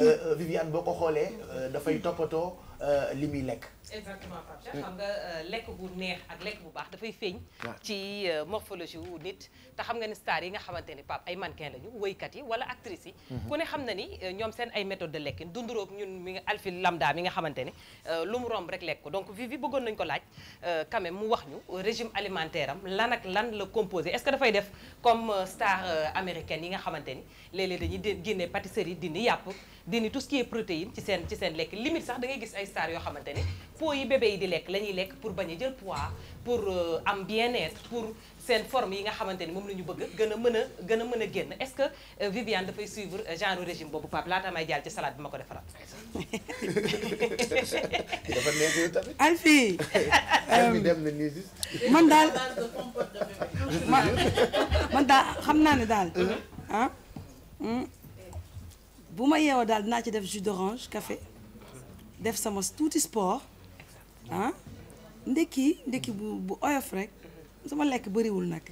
Euh, euh, Viviane boo ko xoolee euh, dafay toppatoo Euh, li muy lekk. exactement Pape nga euh, lekk bu neex ak lekk bu baax dafay feeñ. ci euh, morphologie wu nit. te xam nga ni star yi nga xamante ni Pape ay mannequin lañu woykat yi wala actrices yi. Mhm. ku ne xam na ni ñoom seen ay méthode de lekkin dunduroog ñun mi nga alfi lambda mi nga xamante ni lu mu romb rek lekk ko donc Vivi bëggoon nañ ko laaj quand mu wax ñu régime alimentaire am lan ak lan la composé est-ce que dafay def comme star américaine yi nga xamante ni léeg-léeg dañuy génne pâtisserie dindi yàpp dindi tout ce qui est protéine ci seen ci seen lekk sax da ngay gis ay stars yoo xamante ne pot yi bébé yi di lekk la ñuy lekk pour bañ jël poids pour euh, am bien-être pour seen forme yi nga xamante ni moom la ñu bëgg gën a mën a gën a mën a génn est-ce que euh, Viviane dafay suivre euh, genre régime boobu Pape laata may jàll ci salade bi ma ko defaral. dafa nekk yow tamit. Alfie. man daal man daal xam naa ne daal. Uh-huh. ah hmm. bu ma yeewoo daal dinaa ci def jus d'orange café. def sama tuuti spor ah ndekki ndekki bu bu oyof rek su ma lekk bëriwul nag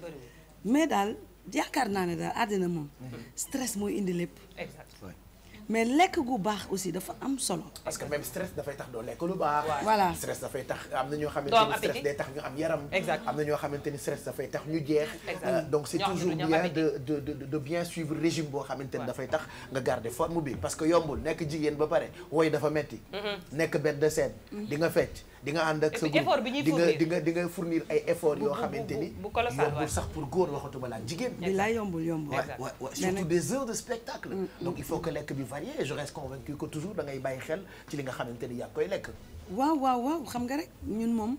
mais daal yaakaar naa ne daal àddina moom mhm. stress mooy indi lépp mais lekk gu baax aussi dafa am solo. parce que même stress dafay tax doo lekk lu baax. voilà stress dafay tax am na ñoo xamante ni stress tax ñu am yaram. am na ñoo xamante ni stress dafay tax ñu jeex. Euh, donc c'est toujours bien de de de de bien suivre régime boo xamante ni dafay tax nga garder forme bi parce que yombul nekk jigéen ba pare woy dafa metti mm-hmm. nekk bête de scène mm-hmm. di nga fecc. di nga ànd ak sa effort bi ñuy fournir di nga di nga fournir ay effort yoo xamante ni yombul sax pour góor waxatuma laa jigéen bi laa yombul yombul waaw waaw surtout mm, mm. lekk bi varié je reste convaincu que ngay bàyyi xel ci li nga xamante ni yaa koy lekk waaw waaw xam nga rek ñun moom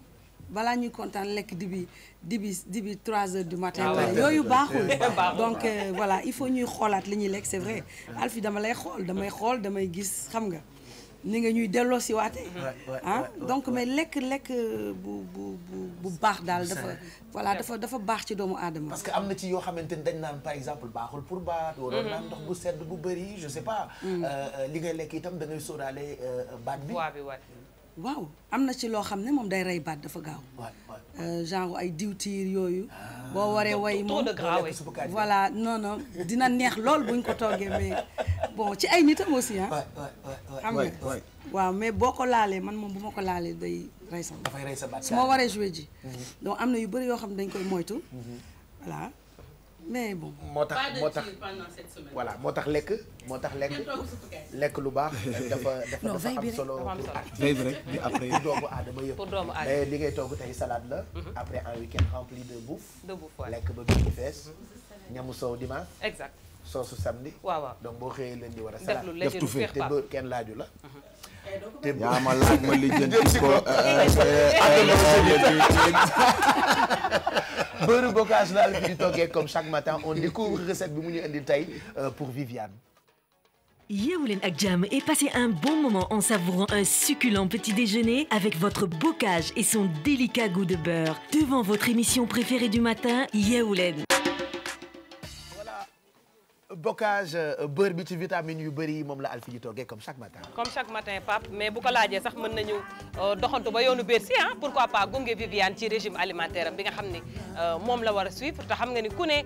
balaa ñuy kontaan lekk dibi dibi dibi trois heures du matin wala ah yooyu baaxul donc euh, voilà il faut ñuy xoolaat li ñuy lekk c'est vrai Alfi dama lay xool damay xool damay gis xam nga ni nga ñuy delloo si waatee ah, donc mais lekk lekk bu bu bu baax daal dafa voilà dafa dafa baax ci doomu aadama parce que am na ci yoo xamante ni dañ naan par exemple baaxul pour baat wala mhm. naan ndox bu sedd bu bëri je sais pas mhm. euh, euh, li ngay lekk itam da ngay sóoraale euh, baat bi waaw am na ci loo xam ne moom day rey baat dafa gaaw euh, genre ay diwtiir yooyu ah. boo waree way moom voilà non non dina neex lool buñ ko toggee mais bon ci ay nitam aussi ah xam nga waaw mais boo ko laalee man moom bu ma ko laalee day rey sama baat su ma waree jouer ji mhm. donc am na yu bëri yoo xam ne dañ koy moytu mhm. voilà mais moo tax moo tax voilà moo tax lekk moo tax lekk lekk lu baax dafa dafa am solo pour activité bi rek après doomu aadama yëpp mais li ngay togg tey salade la mhm. après un week rempli de bouffe lekk ba biir fees mhm. ñamu soow dimanche exact soosu samedi waaw waaw donc boo xëyee leen di war a salade def tout fait te ba kenn laaju la mhm. eh, te yaa ma laaj ma lijjanti ko euh, beurre bocage daal bi di toggee comme chaque matin on découvre recette bi mu ñu euh, pour Viviane. yeewu leen ak jàmm et passez un bon moment en savourant un succulent petit déjeuner avec votre bocage et son délicat goût de beurre devant votre émission préférée du matin yeewu bocage euh, beurre bi ci vitamine yu bëri yi moom la Alphie di toggee comme chaque matin. comme chaque matin Pape mais bu ko laajee sax mën nañu euh, doxantu ba yoonu Bercy ah pourquoi pas gunge Viviane ci régime alimentaire bi nga xam ne euh, moom la war a suivre xam nga ni ku ne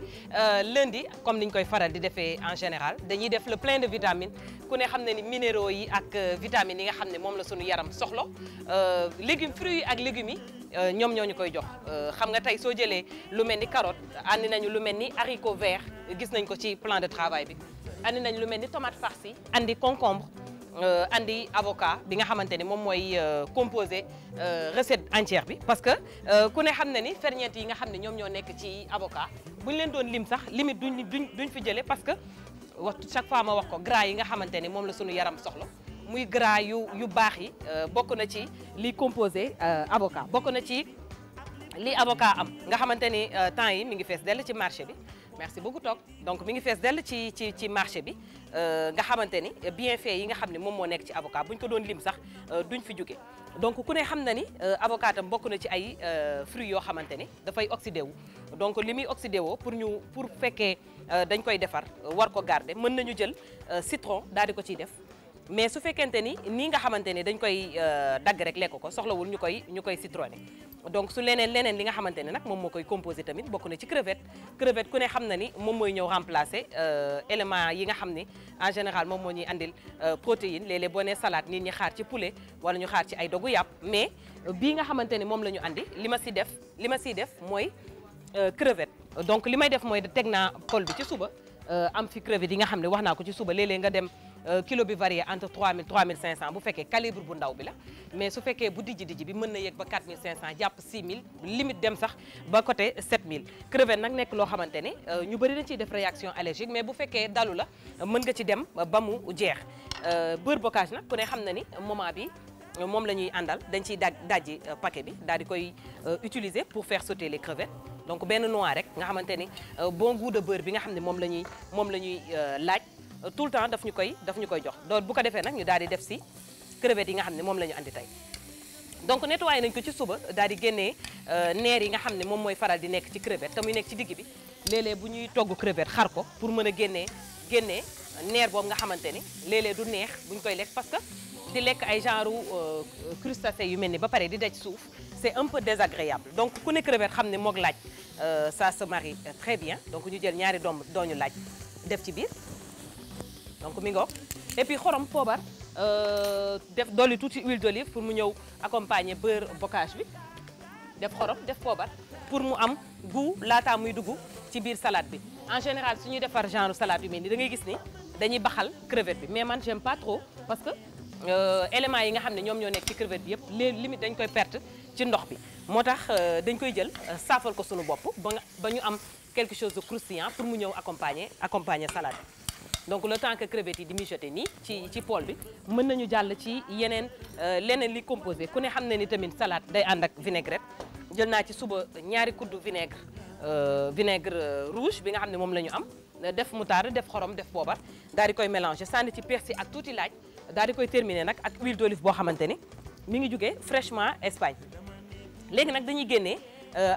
lundi comme niñ koy faral di defee en général dañuy def le plein de vitamines ku ne xam ne ni minéraux yi ak vitamines yi nga xam ne moom la suñu yaram soxla légumes fruits yi ak légumes yi. Euh, ñoom ñoo koy jox euh, xam nga tey soo jëlee lu mel ni carotte andi nañu lu mel ni haricot vert gis nañ ko ci plan de travail bi andi nañ lu mel ni tomate farcie andi concombre euh, andi avocat bi nga xamante ni moom mooy composé recette entière bi parce que ku ne xam ne ni ferñeent yi nga xam ne ñoom ñoo nekk ci avocat bu ñu leen doon lim sax limite duñ duñ duñ fi jëlee parce que waxtu chaque fois ma wax ko gras yi nga xamante ni moom la suñu yaram soxla muy gras yu yu baax yi euh, bokk na ci li composé euh, avocat bokk na ci li avocat am nga xamante ni euh, temps yi mi ngi fees dell ci marché bi merci beaucoup toog donc mi ngi fees dell ci ci ci marché bi nga xamante ni bienfait yi nga xam ne moom moo nekk ci avocat bu ñu ko doon lim sax duñ fi jóge donc ku ne xam na ni avocat am bokk na ci ay fruits yoo xamante ni dafay oxydé wu donc li muy oxydé woo pour ñu pour fekkee dañ koy defar war ko garde mën nañu jël citron daal di ko ciy def mais su fekkente ni nii nga xamante ni dañ koy euh, dagg rek lekk ko soxlawul ñu koy ñu koy citronné donc su leneen leneen li nga xamante ne nag moom moo koy composé tamit bokk na ci crevette crevette ku ne xam na ni moom mooy ñëw remplacer euh, élément yi nga xam ni en général moom moo ñuy andil euh, protéine léeg-léeg boo nee salade nit ñi xaar ci poulet wala ñu xaar ci ay dogu yàpp mais bii nga xamante ni moom la ñu andi li ma si def li ma siy def mooy crevette donc li may def mooy teg naa pol bi ci suba am fi crevette yi nga xam ne wax naa ko ci suba léeg nga dem Euh, kilo bi varié entre 3000 3500 bu fekkee calibre bu ndaw bi la mais su fekkee bu dijji dijji bi mën na yegg ba 4500 jàpp 6000 limite dem sax ba coté côté mille crevette nag nekk loo xamante ne euh, ñu bari dañ ciy def réaction allergique mais bu fekkee dalu la mën nga ci dem ba mu jeex euh, beurre bocage nag ku ne xam na ni moment bi moom la ñuy àndal dañ ciy daj dajji paquet bi daal di koy utiliser pour faire sauter les crevettes donc benn noix rek nga xamante ni bon goût de beurre bi nga xam ne moom la ñuy moom la ñuy laaj tout le temps daf ñu koy daf ñu koy jox dool bu ko defee nag ñu daal def si crevettes yi nga xam ne moom la ñu andi tey donc nettoyé nañ ko ci suba daal di génnee euh, neer yi nga xam ne moom mooy faral di nekk ci crevette te muy nekk ci digg bi léeg bu ñuy togg crevette xar ko pour mën a génnee génnee neer boobu nga xamante ni léeg du neex bu ñu koy lekk parce que di lekk ay genre euh, crustacés yu mel ni ba pare di daj suuf c'est un peu désagréable don ku ne crevette xam ne moog laaj euh, ça se marie très bien donc ñu jël ñaari doom dooñu laaj def ci biir donc mi ngoog et puis xorom poobar euh, def dolli tuuti huile d'olive pour mu ñëw accompagner beurre bocage bi def xorom def poobar pour mu am goût laataa muy dugg ci biir salade bi en général su ñuy defar genre salade yu mel ni da gis ni dañuy baxal crevette bi mais man j'aime pas trop parce que euh, éléments yi nga xam ne ñoom ñoo nekk ci crevette bi yëpp les limites dañ koy perte ci ndox bi moo tax euh, dañ koy jël saafal ko suñu bopp ba nga ba ñu am quelque chose de croustillant pour mu ñëw accompagner accompagner salade bi donc le temps que crevettes yi di mijoter nii ci ci poêle bi mën nañu jàll ci yeneen euh, leneen li composé ku ne xam ne ni tamit salade day ànd ak vinaigrette jël naa ci suba ñaari kuddu vinaigre euh, vinaigre euh, rouge bi nga xam ne moom la ñu am def moutarde def xorom def poobar daal di koy mélanger sànni ci persil ak tuuti laaj daal di koy terminer nag ak huile d'olive boo xamante ni mi ngi jugee fraîchement Espagne léegi nag dañuy génnee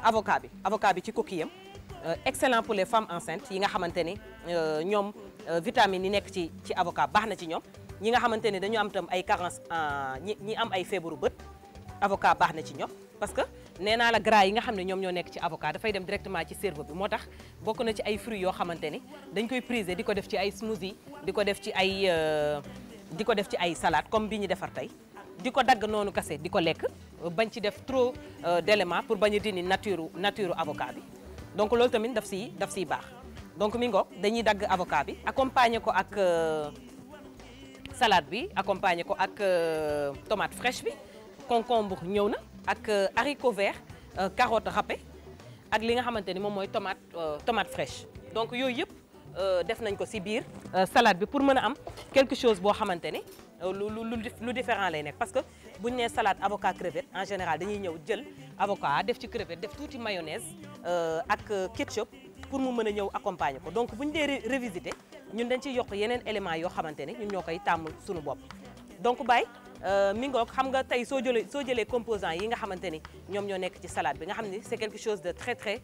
avocat bi avocat bi ci coquille am Euh, excellent pour les femmes enceintes yi nga xamante ni euh, ñoom euh, vitamines yi nekk ci ci avocat baax na ci ñoom ñi nga xamante ni dañu am tam ay carence ñi ñi am ay feebaru bët avocat baax na ci ñoom parce que nee naa la gras yi nga xam ne ñoom ñoo nekk ci avocat dafay dem directement ci cerveau bi moo tax bokk na ci ay fruits yoo xamante ni dañ koy priser di ko def ci ay smoothie di ko def ci ay di ko def ci ay salade comme bi ñu defar tey di ko dagg noonu kase di ko lekk bañ ci def trop d'éléments pour bañ a dindi nature nature bi donc loolu tamit daf si daf siy baax donc mi ngoog dañuy dagg avocat bi accompagner ko ak euh, salade bi accompagner ko ak euh, tomate fraîche bi concombre ñëw na ak euh, haricot vert carotte râpée ak li nga xamante ni moom mooy tomate tomate fraîche donc yooyu yëpp def nañ ko si biir salade bi pour mën a am quelque chose boo xamante ni lu lu lu différent lay nekk parce que bu ñu nee salade avocat crevette en général dañuy ñëw jël avocat def ci crevette def tuuti mayonnaise Euh, ak ketchup pour mu mën a ñëw accompagner ko donc bu ñu dee révisité ñun dañ ciy yokk yeneen éléments yoo xamante ne ñun ñoo koy tàmm suñu bopp donc Baye euh, mi ngoog xam nga tey soo jëlee soo jëlee composants yi nga xamante ni ñoom ñoo nekk ci salade bi nga xam ni c'est quelque chose de très très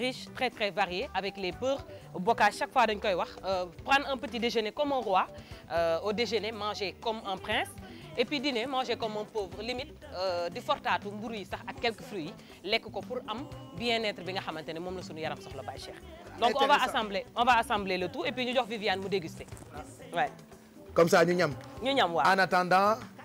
riche très très varié avec les beurres bocage chaque fois dañ koy wax euh, prendre un petit déjeuner comme un roi euh, au déjeuner manger comme un prince et puis dîner manger comme un pauvre limite euh, di fortaatu mburu yi sax ak quelques fruits lekk ko pour am bien-être bi nga xamante ne moom la suñu yaram soxla Baye Cheikh donc on va assembler on va assembler le tout et puis ñu jox Viviane mu déguster ah. comme ça ñu ñam ñu ñam waaw en